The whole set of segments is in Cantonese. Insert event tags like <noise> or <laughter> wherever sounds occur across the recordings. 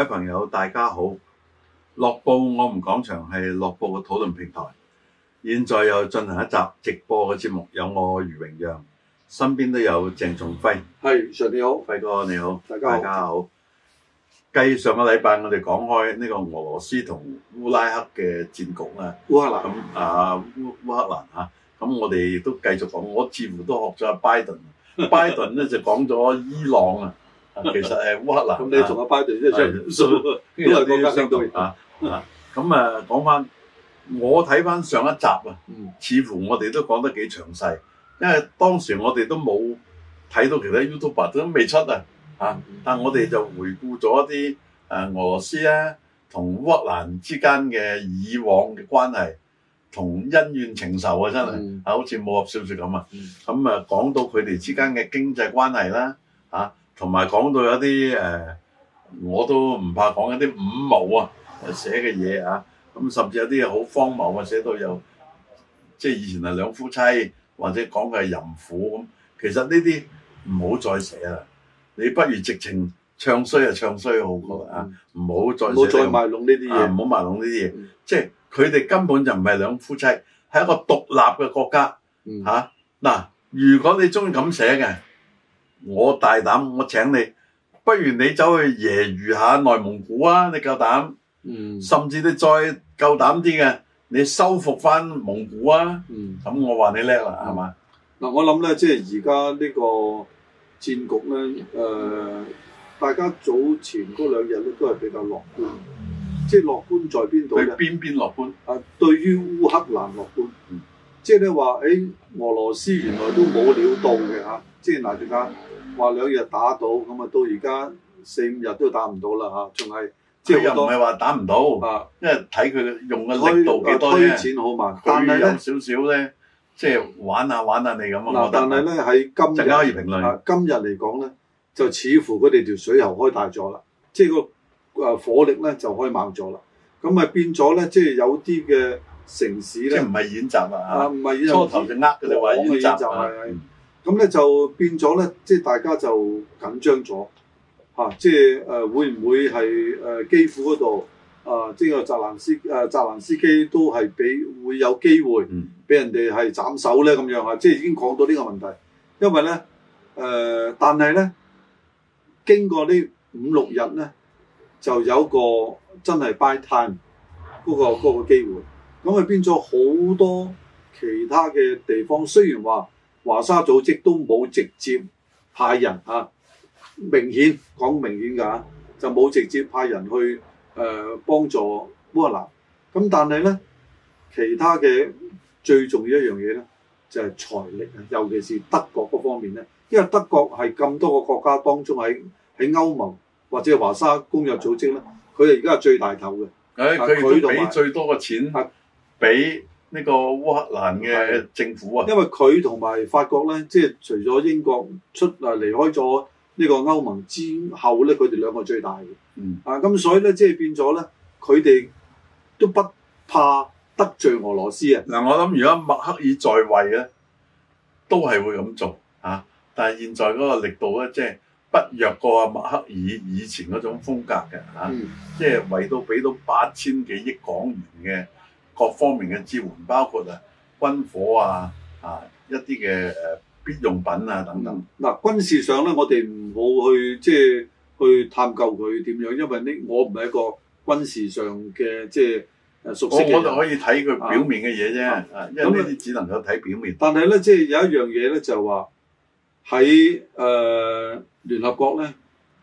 各位朋友，大家好！樂報我哋講場係樂報嘅討論平台，現在又進行一集直播嘅節目。有我余榮陽，身邊都有鄭崇輝。係上你好，輝哥你好，大家好。繼上個禮拜我哋講開呢個俄羅斯同烏拉克嘅戰局烏啊，烏克蘭啊烏烏克蘭啊，咁我哋都繼續講，我似乎都學咗拜登， <laughs> 拜登咧就講咗伊朗啊。其實誒烏克蘭，咁、嗯、你同有派對都出嚟，邊個國家領導人啊？啊、嗯，咁啊講翻，我睇翻上一集啊、嗯，似乎我哋都講得幾詳細，因為當時我哋都冇睇到其他 YouTuber 都未出啊、嗯，但我哋就回顧咗一啲誒俄羅斯咧同烏克蘭之間嘅以往嘅關係，同恩怨情仇啊，真係、嗯、啊，好似武俠小說咁啊！咁啊講到佢哋之間嘅經濟關係啦，同埋講到有啲誒，我都唔怕講一啲五毛啊，寫嘅嘢啊，咁甚至有啲嘢好荒謬啊，寫到有即係以前係兩夫妻，或者講嘅係淫婦咁。其實呢啲唔好再寫啦，你不如直情唱衰啊，唱衰好過啊，唔好再寫，唔好再賣弄呢啲嘢，唔好賣弄呢啲嘢。即係佢哋根本就唔係兩夫妻，係一個獨立嘅國家嚇。嗱，如果你中意咁寫嘅。我大膽，我請你，不如你走去揶遇揶揄下內蒙古啊！你夠膽？嗯，甚至你再夠膽啲嘅，你收復翻蒙古啊！嗯，咁我話你叻啦，係、嗯、嘛？嗱、啊，我諗咧，即係而家呢個戰局咧，誒、呃，大家早前嗰兩日咧都係比較樂觀，即係樂觀在邊度咧？邊邊樂觀？啊，對於烏克蘭樂觀，即係你話，誒、就是欸，俄羅斯原來都冇料到嘅嚇，即係嗱，大家。話兩日打到，咁啊到而家四五日都打唔到啦嚇，仲係即係又唔係話打唔到，啊，因為睇佢用嘅力度幾多嘅。好嘛？但係有少少咧，即係玩下玩下你咁啊。但係咧喺今日，更加可以評論。今日嚟講咧，就似乎佢哋條水喉開大咗啦，即係個誒火力咧就開猛咗啦。咁啊變咗咧，即係有啲嘅城市咧，唔係演習啊，啊唔係演習，初頭就呃嘅啦，話演習啊。就是嗯咁咧就變咗咧，即係大家就緊張咗嚇，即係誒會唔會係誒基輔嗰度啊？即係澤連斯誒澤連、啊、斯基都係俾會有機會，俾人哋係斬首咧咁樣啊！即、就、係、是、已經講到呢個問題，因為咧誒、啊，但係咧經過 5, 呢五六日咧，就有個真係 buy time 嗰、那個嗰、那個機會，咁啊變咗好多其他嘅地方，雖然話華沙組織都冇直接派人啊，明顯講明顯㗎，就冇直接派人去誒、呃、幫助烏克蘭。咁但係咧，其他嘅最重要一樣嘢咧，就係、是、財力啊，尤其是德國嗰方面咧，因為德國係咁多個國家當中喺喺歐盟或者華沙公約組織咧，佢哋而家係最大頭嘅，佢俾最多嘅錢俾，呢、這個烏克蘭嘅政府啊，因為佢同埋法國咧，即係除咗英國出啊離開咗呢個歐盟之後咧，佢哋兩個最大嘅。嗯，啊咁所以咧，即係變咗咧，佢哋都不怕得罪俄羅斯、嗯、我啊。嗱，我諗如果默克爾在位咧，都係會咁做嚇。但係現在嗰個力度咧，即係不弱過啊默克爾以前嗰種風格嘅嚇。即、嗯、係、啊就是、為到俾到八千幾億港元嘅。各方面嘅支援，包括啊軍火啊啊一啲嘅誒必用品啊等等。嗱、嗯呃，軍事上咧，我哋唔好去即係去探究佢點樣，因為呢我唔係一個軍事上嘅即係誒熟悉嘅。我我就可以睇佢表面嘅嘢啫，因為你只能夠睇表面。嗯嗯、但係咧，即係有一樣嘢咧，就話喺誒聯合國咧，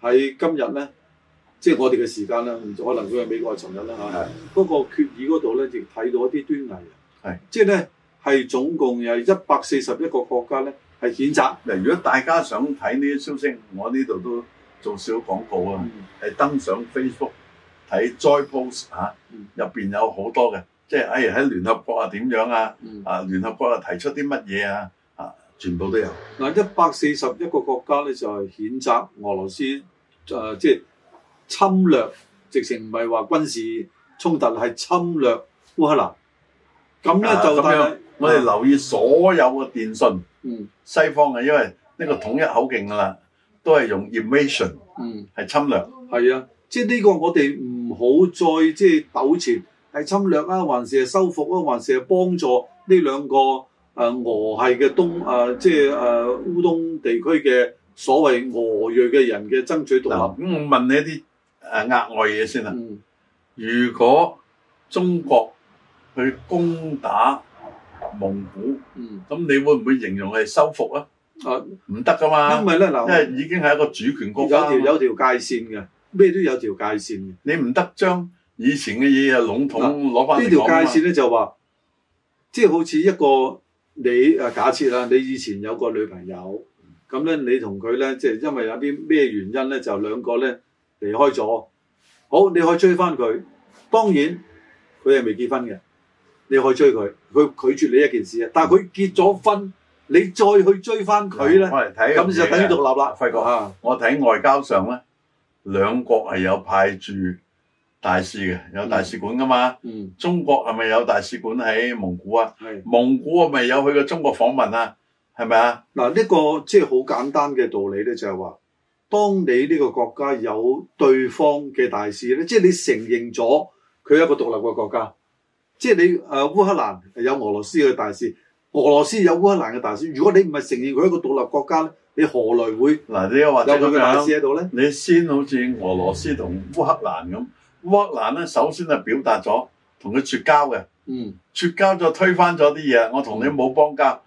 喺今日咧。即係我哋嘅時間啦，可能佢係美國尋日啦嚇。嗰、那個決議嗰度咧，亦睇到一啲端倪。係即係咧，係總共有一百四十一個國家咧，係譴責。嗱，如果大家想睇呢啲消息，我呢度都做少少廣告啊，係、嗯、登上 Facebook 睇 Joy Post 嚇、啊，入邊有好多嘅，即係誒喺聯合國啊點樣啊，嗯、啊聯合國啊提出啲乜嘢啊，啊全部都有。嗱、啊，一百四十一個國家咧就係、是、譴責俄羅斯誒、呃，即係。侵略直情唔係話軍事衝突，係侵略烏克蘭。咁咧就可、啊、我哋留意所有嘅電訊，嗯、西方嘅，因為呢個統一口徑噶啦，都係用 invasion 係、嗯、侵略。係啊，即係呢個我哋唔好再即係糾纏係侵略啊，還是係收復啊，還是係幫助呢兩個誒、呃、俄系嘅東誒、呃、即係誒、呃、烏東地區嘅所謂俄裔嘅人嘅爭取獨立。咁、啊、我問你一啲。誒、呃、額外嘢先啦、嗯。如果中國去攻打蒙古，咁、嗯、你會唔會形容係收復啊？唔得噶嘛。因為咧嗱，因為已經係一個主權國啦。有條有條界線嘅，咩都有條界線。你唔得將以前嘅嘢啊籠統攞翻嚟講啊嘛。呢條界線咧就話，即係好似一個你誒假設啦，你以前有個女朋友，咁咧你同佢咧，即係因為有啲咩原因咧，就兩個咧。離開咗，好，你可以追翻佢。當然佢係未結婚嘅，你可以追佢。佢拒絕你一件事啊。但係佢結咗婚，你再去追翻佢咧，咁就等於獨立啦，輝、嗯、哥。我睇外交上咧，兩國係有派駐大使嘅，有大使館噶嘛、嗯嗯。中國係咪有大使館喺蒙古啊？蒙古係咪有去過中國訪問啊？係咪啊？嗱、這個，呢個即係好簡單嘅道理咧，就係、是、話。當你呢個國家有對方嘅大使咧，即係你承認咗佢一個獨立嘅國家，即係你誒烏克蘭有俄羅斯嘅大使，俄羅斯有烏克蘭嘅大使。如果你唔係承認佢一個獨立國家咧，你何來會嗱？你又話有佢嘅大使喺度咧？你先好似俄羅斯同烏克蘭咁，烏克蘭咧首先係表達咗同佢絕交嘅，嗯，絕交就推翻咗啲嘢，我同你冇邦交，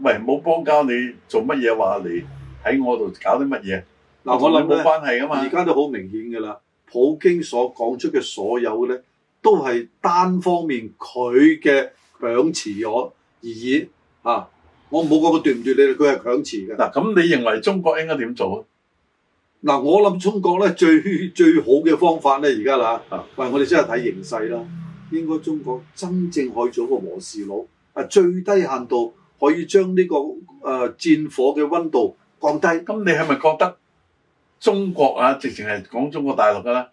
喂冇邦交，你做乜嘢話你喺我度搞啲乜嘢？嗱，我諗冇關係吖嘛。而家都好明顯嘅啦。普京所講出嘅所有咧，都係單方面佢嘅強詞我而已。嚇、啊，我唔好講佢斷唔斷你，佢係強詞嘅。嗱、啊，咁你認為中國應該點做啊？嗱，我諗中國咧最最好嘅方法咧，而家啦，喂，我哋真係睇形勢啦。應該中國真正可以做一個和事佬，啊，最低限度可以將呢、這個誒、呃、戰火嘅溫度降低。咁你係咪覺得？中國啊，直情係講中國大陸噶啦，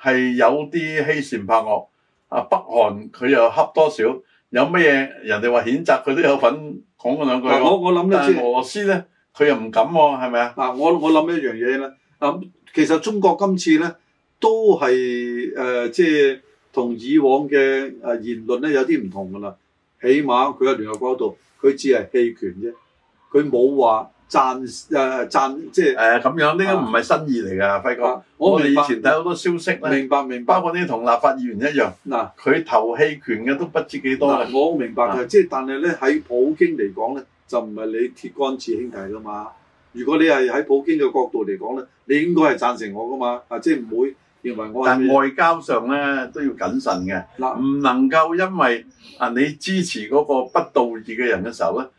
係有啲欺善怕惡。啊，北韓佢又恰多少？有咩嘢人哋話譴責佢都有份講嗰兩句。我我諗咧，呢次俄羅斯咧，佢又唔敢喎，係咪啊？嗱，我我諗一樣嘢咧，其實中國今次咧都係誒，即係同以往嘅言論咧有啲唔同噶啦。起碼佢喺聯合國度，佢只係棄權啫，佢冇話。贊誒贊，即係誒咁樣呢個唔係新意嚟噶，輝哥。我哋以前睇好多消息。明白明白，包括啲同立法議員一樣。嗱、啊，佢投棄權嘅都不知幾多、啊。我明白嘅、啊，即係但係咧喺普京嚟講咧，就唔係你鐵桿子兄弟噶嘛。如果你係喺普京嘅角度嚟講咧，你應該係贊成我噶嘛。啊，即係唔會認為我。但外交上咧、啊、都要謹慎嘅。嗱、啊，唔能夠因為啊你支持嗰個不道義嘅人嘅時候咧。啊啊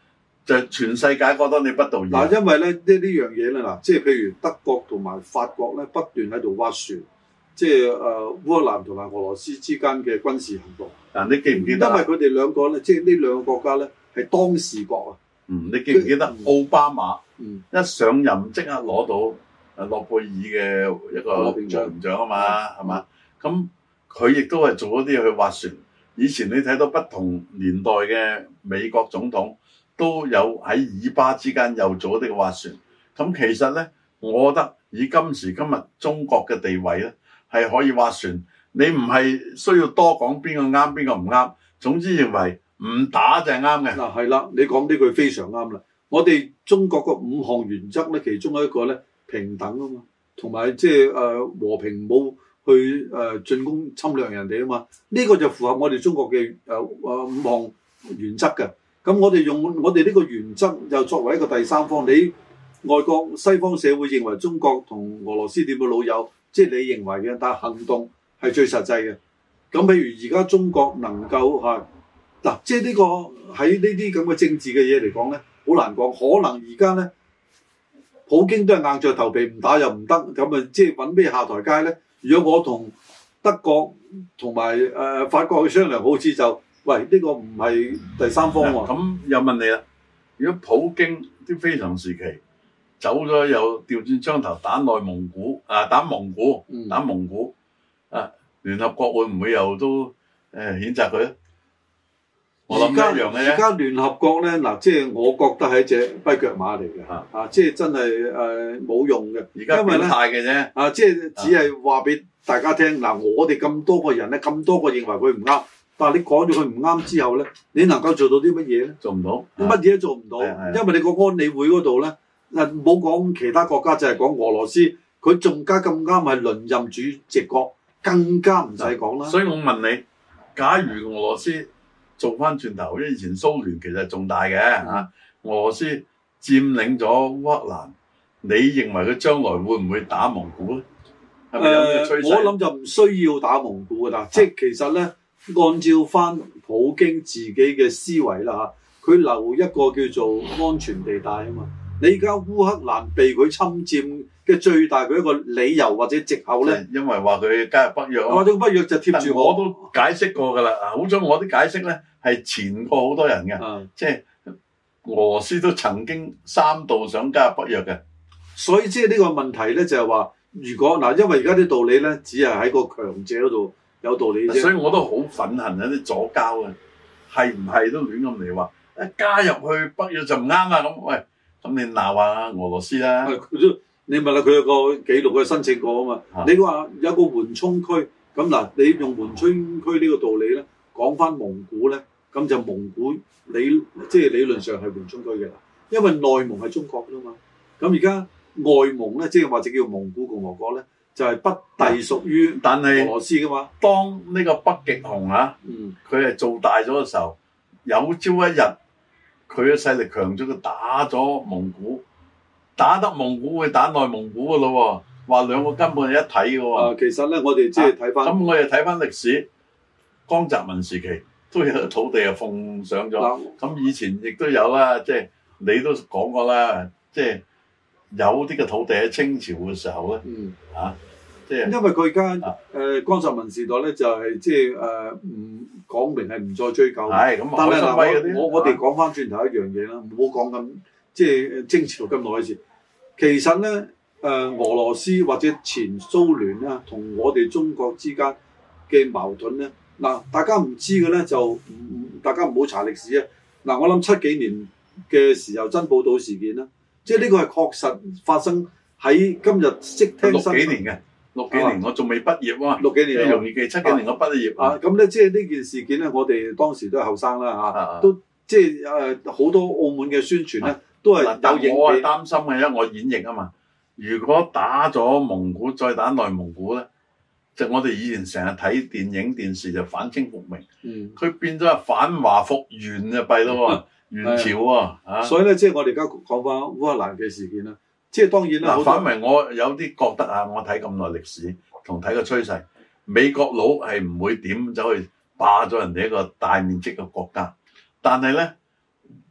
就全世界覺得你不道義，嗱，因為咧，呢呢樣嘢咧嗱，即係譬如德國同埋法國咧，不斷喺度斡旋，即係誒烏克蘭同埋俄羅斯之間嘅軍事行動。嗱、啊，你記唔記得、啊？因為佢哋兩個咧，即係呢兩個國家咧係當事國啊。嗯，你記唔記得？奧巴馬、嗯、一上任即刻攞到誒諾貝爾嘅一個獎獎啊嘛，係嘛？咁佢亦都係做咗啲嘢去斡旋。以前你睇到不同年代嘅美國總統。都有喺以巴之間又做啲劃船，咁其實呢，我覺得以今時今日中國嘅地位呢，係可以劃船。你唔係需要多講邊個啱邊個唔啱，總之認為唔打就係啱嘅。嗱，係、啊、啦，你講呢句非常啱啦。我哋中國嘅五項原則呢，其中一個呢，平等啊嘛，同埋即係和平冇去誒、啊、進攻侵略人哋啊嘛，呢、這個就符合我哋中國嘅、啊啊、五項原則嘅。咁我哋用我哋呢個原則又作為一個第三方，你外國西方社會認為中國同俄羅斯點嘅老友，即係你認為嘅，但行動係最實際嘅。咁譬如而家中國能夠嗱，即係呢個喺呢啲咁嘅政治嘅嘢嚟講咧，好難講。可能而家咧，普京都係硬着頭皮唔打又唔得，咁啊即係揾咩下台階咧？如果我同德國同埋誒法國去商量，好似就～喂，呢、這個唔係第三方喎。咁、嗯嗯嗯嗯嗯啊、又問你啦，如果普京啲非常時期走咗，又調轉槍頭打內蒙古啊，打蒙古，打蒙古，啊，聯合國會唔會又都誒、啊、譴責佢咧？我諗㗎，而家聯合國咧，嗱，即係我覺得係一隻跛腳馬嚟嘅，啊，即係真係誒冇用嘅。而家咁大嘅啫，啊，即係、啊啊啊、只係話俾大家聽，嗱、啊啊，我哋咁多個人咧，咁多個認為佢唔啱。但係你講咗佢唔啱之後咧，你能夠做到啲乜嘢咧？做唔到，乜嘢都做唔到、啊，因為你個安理會嗰度咧，嗱唔好講其他國家，就係、是、講俄羅斯，佢仲加咁啱係輪任主席國，更加唔使講啦。所以我問你，假如俄羅斯做翻轉頭，因為以前蘇聯其實仲大嘅嚇，俄羅斯佔領咗烏克蘭，你認為佢將來會唔會打蒙古咧、呃？我諗就唔需要打蒙古㗎啦，即係其實咧。按照翻普京自己嘅思維啦，佢留一個叫做安全地帶啊嘛。你而家烏克蘭被佢侵占嘅最大嘅一個理由或者借口咧，就是、因為話佢加入北約。話咗北約就貼住我都解釋過噶啦。好彩，我啲解釋咧係前過好多人嘅，即係、就是、俄羅斯都曾經三度想加入北約嘅。所以即係呢個問題咧，就係話如果嗱，因為而家啲道理咧，只係喺個強者嗰度。有道理，所以我都好憤恨有啲左膠啊！係唔係都亂咁嚟話？一加入去北約就唔啱啊！咁喂，咁你鬧下俄羅斯啦！你問下，佢有個記錄，佢申請過啊嘛。你話有個緩衝區咁嗱，你用緩衝區呢個道理咧，講翻蒙古咧，咁就蒙古理即係理論上係緩衝區嘅啦，因為內蒙係中國噶嘛。咁而家外蒙咧，即係或者叫蒙古共和國咧。就係、是、不隸屬於俄羅斯噶嘛？當呢個北極熊啊，佢、嗯、係做大咗嘅時候，有朝一日佢嘅勢力強咗，佢打咗蒙古，打得蒙古會打內蒙古噶咯喎，話兩個根本係一體嘅喎、哦啊。其實咧，我哋即係睇翻，咁、啊、我哋睇翻歷史，江澤民時期都有土地啊奉上咗。咁以前亦都有啦，即、就、係、是、你都講過啦，即、就、係、是。有啲嘅土地喺清朝嘅時候咧，嚇、嗯，即、啊、係、就是、因為佢而家誒江澤民時代咧，就係即係誒唔講明係唔再追究。係、哎、咁、嗯，我我哋講翻轉頭一樣嘢啦，唔好講咁即係清朝咁耐嘅事。其實咧，誒、呃、俄羅斯或者前蘇聯啊，同我哋中國之間嘅矛盾咧，嗱、呃、大家唔知嘅咧就大家唔好查歷史啊。嗱、呃、我諗七幾年嘅時候，珍寶島事件啦。即係呢個係確實發生喺今日識聽六幾年嘅六幾年，啊、我仲未畢業喎。六幾年，容易記七幾年我畢咗業。啊，咁咧、啊啊啊啊啊啊啊啊啊，即係呢件事件咧，我哋當時都係後生啦嚇，都即係誒好多澳門嘅宣傳咧、啊，都係有影我係擔心嘅，因為我演繹啊嘛。如果打咗蒙古，再打內蒙古咧，就我哋以前成日睇電影電視就反清復明，佢、嗯、變咗反華復元就弊咯元朝啊，啊啊所以咧，即係我哋而家講翻烏克蘭嘅事件啦。即係當然啦，反而我有啲覺得啊，我睇咁耐歷史同睇個趨勢，美國佬係唔會點走去霸咗人哋一個大面積嘅國家。但係咧，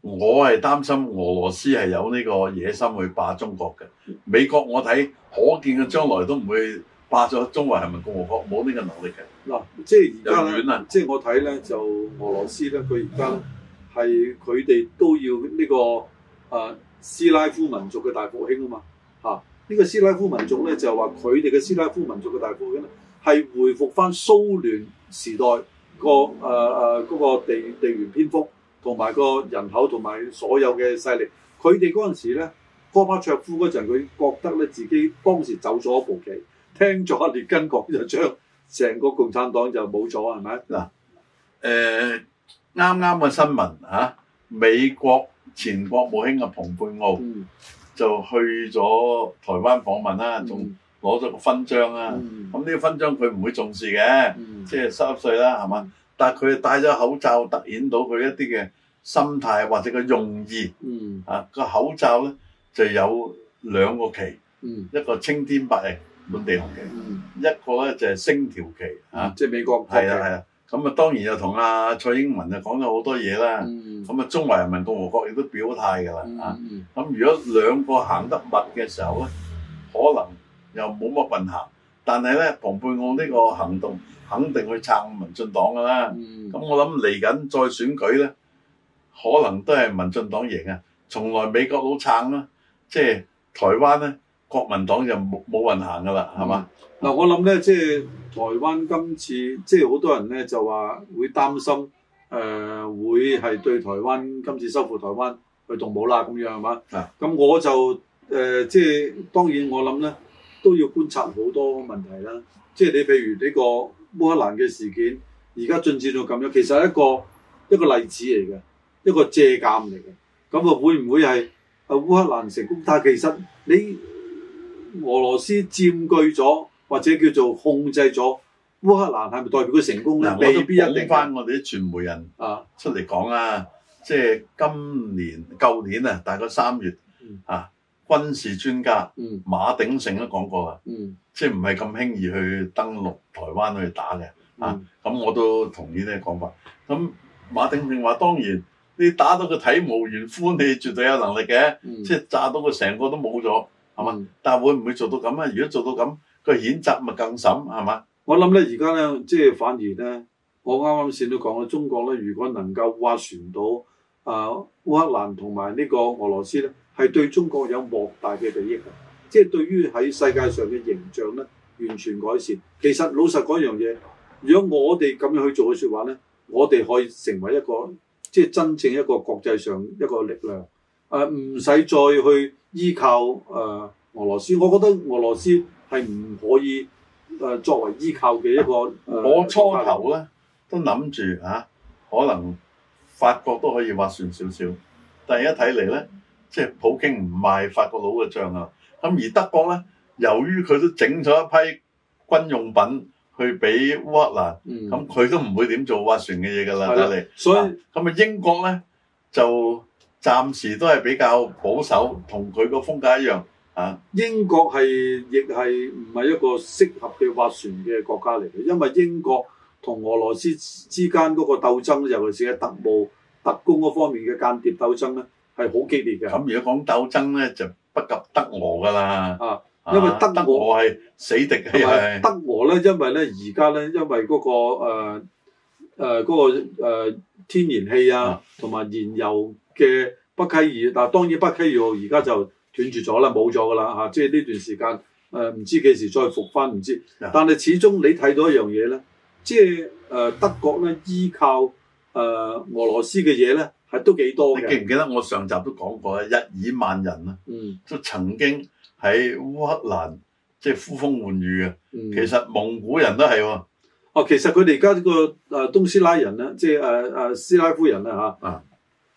我係擔心俄羅斯係有呢個野心去霸中國嘅。美國我睇可見嘅將來都唔會霸咗中華人民共和國，冇呢個能力嘅。嗱，即係而家遠啊。即係我睇咧就俄羅斯咧，佢而家。係佢哋都要呢、這個誒、啊、斯拉夫民族嘅大復興嘛啊嘛嚇！呢、這個斯拉夫民族咧，就話佢哋嘅斯拉夫民族嘅大復興咧，係回復翻蘇聯時代，啊啊那個誒誒嗰地地緣篇幅同埋個人口同埋所有嘅勢力。佢哋嗰陣時咧，戈巴卓夫嗰陣，佢覺得咧，自己當時走咗一步棋，聽咗列根講就將成個共產黨就冇咗係咪？嗱誒。啊呃啱啱嘅新聞嚇，美國前國務卿嘅蓬佩奧就去咗台灣訪問啦，仲攞咗個勛章啊！咁呢個勛章佢唔會重視嘅，即係三十歲啦，係嘛？但係佢戴咗口罩，突顯到佢一啲嘅心態或者個用意。嗯，啊個口罩咧就有兩個旗，一個青天白日滿地紅旗，一個咧就係星條旗啊！即係美國旗啦，係啦。咁啊，當然又同阿蔡英文就講咗好多嘢啦。咁、嗯、啊，中華人民共和國亦都表態㗎啦。咁、嗯啊、如果兩個行得密嘅時候咧，可能又冇乜混合。但係咧，蓬佩奧呢個行動肯定去撐民進黨㗎啦。咁、嗯、我諗嚟緊再選舉咧，可能都係民進黨贏啊！從來美國佬撐啦，即係台灣咧。國民黨就冇冇運行㗎啦，係、嗯、嘛？嗱、啊，我諗咧，即、就、係、是、台灣今次即係好多人咧就話會擔心誒、呃、會係對台灣今次收復台灣去動武啦，咁樣係嘛？啊！咁我就誒即係當然我諗咧都要觀察好多問題啦。即、就、係、是、你譬如呢個烏克蘭嘅事件，而家進展到咁樣，其實係一個一個例子嚟嘅，一個借鑑嚟嘅。咁啊會唔會係啊烏克蘭成功他？但其實你。.俄羅斯佔據咗或者叫做控制咗烏克蘭，係咪代表佢成功咧？我都講翻我哋啲傳媒人啊出嚟講啊，即、就、係、是、今年舊年啊，大概三月、嗯、啊，軍事專家、嗯、馬鼎盛都講過啊，即係唔係咁輕易去登陸台灣去打嘅、嗯、啊？咁我都同意呢個講法。咁馬鼎盛話：當然你打到佢體無完膚，你絕對有能力嘅，即、嗯、係、就是、炸到佢成個都冇咗。係嘛？但會唔會做到咁啊？如果做到咁，個譴責咪更慘係嘛？我諗咧，而家咧，即係反而咧，我啱啱先都講咗，中國咧，如果能夠斡旋到啊烏克蘭同埋呢個俄羅斯咧，係對中國有莫大嘅利益嘅，即係對於喺世界上嘅形象咧，完全改善。其實老實講一樣嘢，如果我哋咁樣去做嘅說話咧，我哋可以成為一個，即係真正一個國際上一個力量。誒唔使再去依靠誒、啊、俄羅斯，我覺得俄羅斯係唔可以、啊、作為依靠嘅一個。啊、我初頭咧都諗住啊可能法國都可以斡旋少少，但係一睇嚟咧，即係普京唔賣法國佬嘅帳啊！咁而德國咧，由於佢都整咗一批軍用品去俾烏克蘭，咁佢都唔會點做斡旋嘅嘢噶啦。睇嚟，所以咁啊，英國咧就，暫時都係比較保守，同佢個風格一樣啊！英國係亦係唔係一個適合嘅劃船嘅國家嚟嘅，因為英國同俄羅斯之間嗰個鬥爭，尤其是係特務特工嗰方面嘅間諜鬥爭咧，係好激烈嘅。咁如果講鬥爭咧，就不及德俄㗎喇啊，啊！因為德俄係死敵的德俄咧，因為咧而家咧，因為嗰、嗰個誒誒嗰個天然氣啊，同、啊、埋燃油。嘅北溪二，嗱當然北溪二號而家就斷住咗啦，冇咗噶啦，即係呢段時間唔、呃、知幾時再復翻唔知，但係始終你睇到一樣嘢咧，即係誒德國咧依靠誒、呃、俄羅斯嘅嘢咧係都幾多。你記唔記得我上集都講過啦，日耳曼人啦、啊，嗯，都曾經喺烏克蘭即係、就是、呼風喚雨、嗯、其實蒙古人都係喎、啊。哦、啊，其實佢哋而家呢個誒、呃、東斯拉人呢、啊，即係誒誒斯拉夫人呢、啊。啊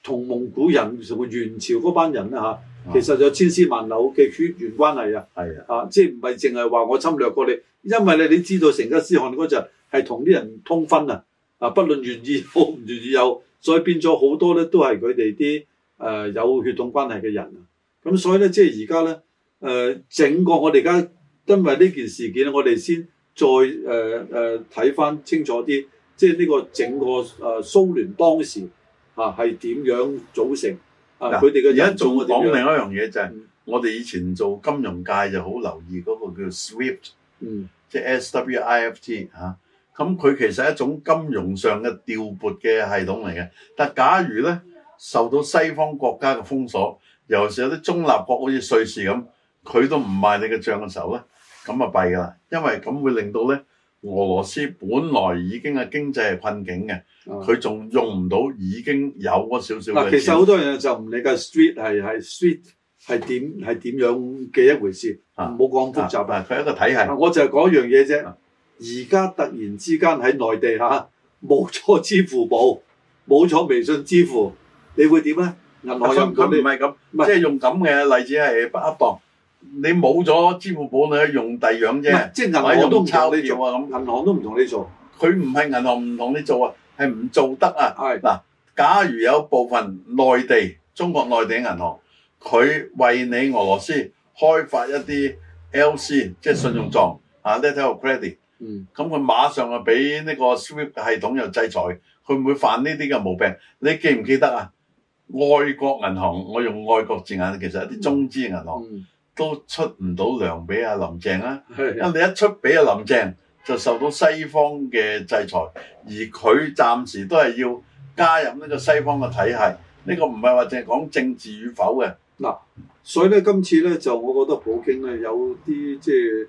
同蒙古人同元朝嗰班人咧吓、啊啊，其實有千絲萬縷嘅血緣關係啊！係啊，啊，即係唔係淨係話我侵略過你，因為你知道成吉思汗嗰陣係同啲人通婚啊，啊不論願意好唔願意有，所以變咗好多咧都係佢哋啲誒有血統關係嘅人啊！咁所以咧即係而家咧誒整個我哋而家因為呢件事件，我哋先再誒誒睇翻清楚啲，即係呢個整個誒蘇聯當時。啊，係點樣組成？啊，佢哋嘅而家做我哋講另一樣嘢就係，我哋以前做金融界就好留意嗰個叫 SWIFT，嗯，即係 SWIFT 嚇，啊。咁佢其實係一種金融上嘅調撥嘅系統嚟嘅。但假如咧受到西方國家嘅封鎖，尤其是有啲中立國，好似瑞士咁，佢都唔賣你嘅帳嘅時候咧，咁啊弊㗎啦，因為咁會令到咧。俄羅斯本來已經嘅經濟係困境嘅，佢、啊、仲用唔到已經有嗰少少。其實好多人就唔理解「Street 係係 Street 係點係點樣嘅一回事，唔好講複雜啊。佢、啊、係一個體系，我、啊啊啊、就係講一樣嘢啫。而、啊、家突然之間喺內地吓，冇咗支付寶，冇咗微信支付，嗯、你會點咧？銀行入到你？唔係咁，即係用咁嘅例子係一博。你冇咗支付寶，你用第樣啫。唔係，即係銀行都唔抄你做啊！咁銀行都唔同你做，佢唔係銀行唔同你做啊，係、嗯、唔做，做得啊。嗱、啊，假如有部分內地、中國內地銀行，佢為你俄羅斯開發一啲 LC，、嗯、即係信用狀、嗯、啊，letter of credit、嗯。咁、嗯、佢馬上啊，俾呢個 SWIFT 系統又制裁，佢唔會犯呢啲嘅毛病。你記唔記得啊？外國銀行、嗯，我用外國字眼，其實一啲中資銀行。嗯嗯都出唔到糧俾阿林鄭啊！因為你一出俾阿林鄭，就受到西方嘅制裁，而佢暫時都係要加入呢個西方嘅體系，呢個唔係話淨係講政治與否嘅。嗱，所以咧今次咧就，我覺得普京咧有啲即係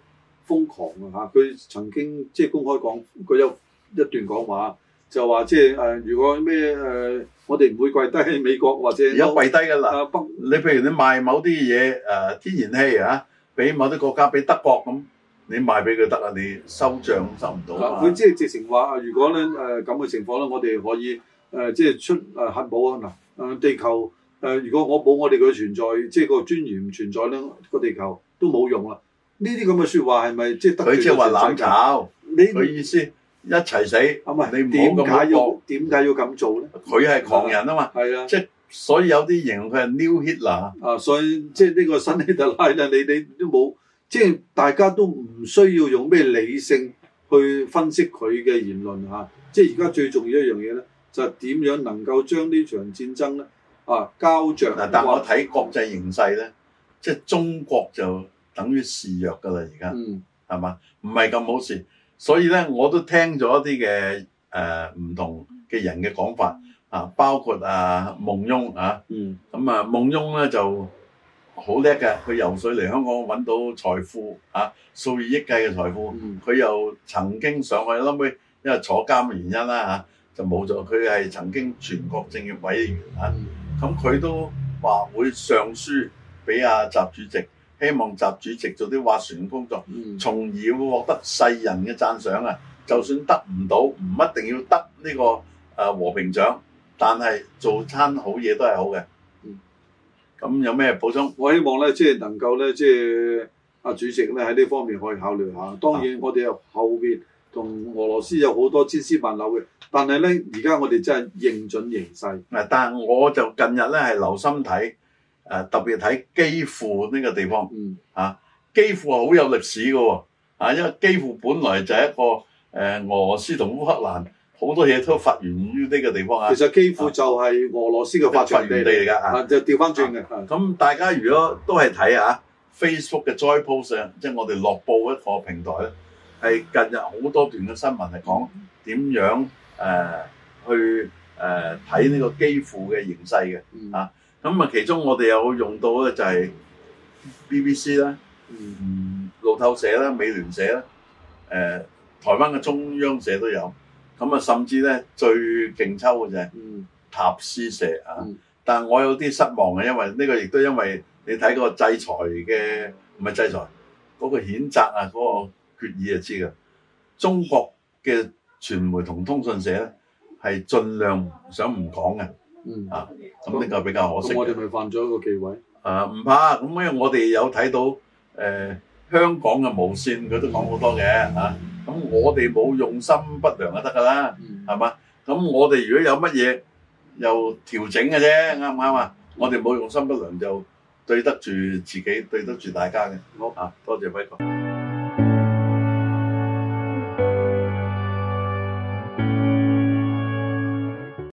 瘋狂啊！嚇，佢曾經即係公開講，佢有一段講話，就話即係誒，如果咩誒？呃我哋唔會跪低喺美國或者，有跪低噶嗱，你譬如你賣某啲嘢，誒、呃、天然氣啊，俾某啲國家，俾德國咁，你賣俾佢得啊？你收帳收唔到啊？佢即係直情話，如果咧誒咁嘅情況咧，我哋可以誒、呃、即係出誒核保啊嗱，地球誒、呃、如果我冇我哋嘅存在，即係個尊嚴唔存在咧，個地球都冇用啦。呢啲咁嘅説話係咪即係得？佢即係話冷嘲，你嘅意思。一齊死，點解要點解要咁做咧？佢係狂人啊嘛，啊啊即係所以有啲形容佢係 New Hitler 啊，所以即係呢個新希特拉咧，你你都冇，即係大家都唔需要用咩理性去分析佢嘅言論、啊、即係而家最重要一樣嘢咧，就係、是、點樣能夠將呢場戰爭咧啊膠着？但我睇國際形勢咧，即係中國就等於示弱噶啦，而家係嘛，唔係咁好事。所以咧，我都聽咗一啲嘅誒唔同嘅人嘅講法啊，包括啊夢熊啊，咁啊夢熊咧就好叻嘅，佢游水嚟香港揾到財富啊，數以億計嘅財富。佢、嗯、又曾經上去，臨尾因為坐監嘅原因啦嚇，就冇咗。佢係曾經全國政協委員啊，咁佢都話會上書俾阿習主席。希望習主席做啲划船工作，從而會獲得世人嘅讚賞啊！就算得唔到，唔一定要得呢個誒和平獎，但係做餐好嘢都係好嘅。咁、嗯、有咩補充？我希望咧，即係能夠咧，即係阿、啊、主席咧喺呢方面可以考慮一下。當然，我哋後面同俄羅斯有好多千絲萬縷嘅，但係咧，而家我哋真係認準形勢。但係我就近日咧係留心睇。誒特別睇基庫呢個地方，嚇、嗯、基庫係好有歷史嘅喎，啊，因為基庫本來就係一個誒俄羅斯同烏克蘭好多嘢都發源於呢個地方啊。其實基庫就係俄羅斯嘅發源地嚟㗎，啊，就調翻轉嘅。咁、啊啊啊啊啊啊啊、大家如果都係睇啊 Facebook 嘅 Joypost，即係我哋樂報一個平台咧，係、嗯、近日好多段嘅新聞係講點樣誒、呃、去誒睇呢個基庫嘅形勢嘅，啊。嗯咁啊，其中我哋有用到咧，就係 BBC 啦、路透社啦、美聯社啦、誒、呃，台灣嘅中央社都有。咁啊，甚至咧最勁抽嘅就係塔斯社啊、嗯。但係我有啲失望嘅，因為呢個亦都因為你睇個制裁嘅，唔係制裁嗰、嗰個譴責啊，嗰、嗰個決議就知嘅。中國嘅傳媒同通訊社咧，係盡量想唔講嘅。嗯啊，咁呢個比較可惜。咁我哋咪犯咗一個忌諱。啊唔怕，咁因為我哋有睇到誒、呃、香港嘅無線，佢都講好多嘅吓。咁、嗯啊、我哋冇用心不良就得噶啦，係、嗯、嘛？咁我哋如果有乜嘢又調整嘅啫，啱唔啱啊？我哋冇用心不良就對得住自己，對得住大家嘅。好啊，多謝輝哥。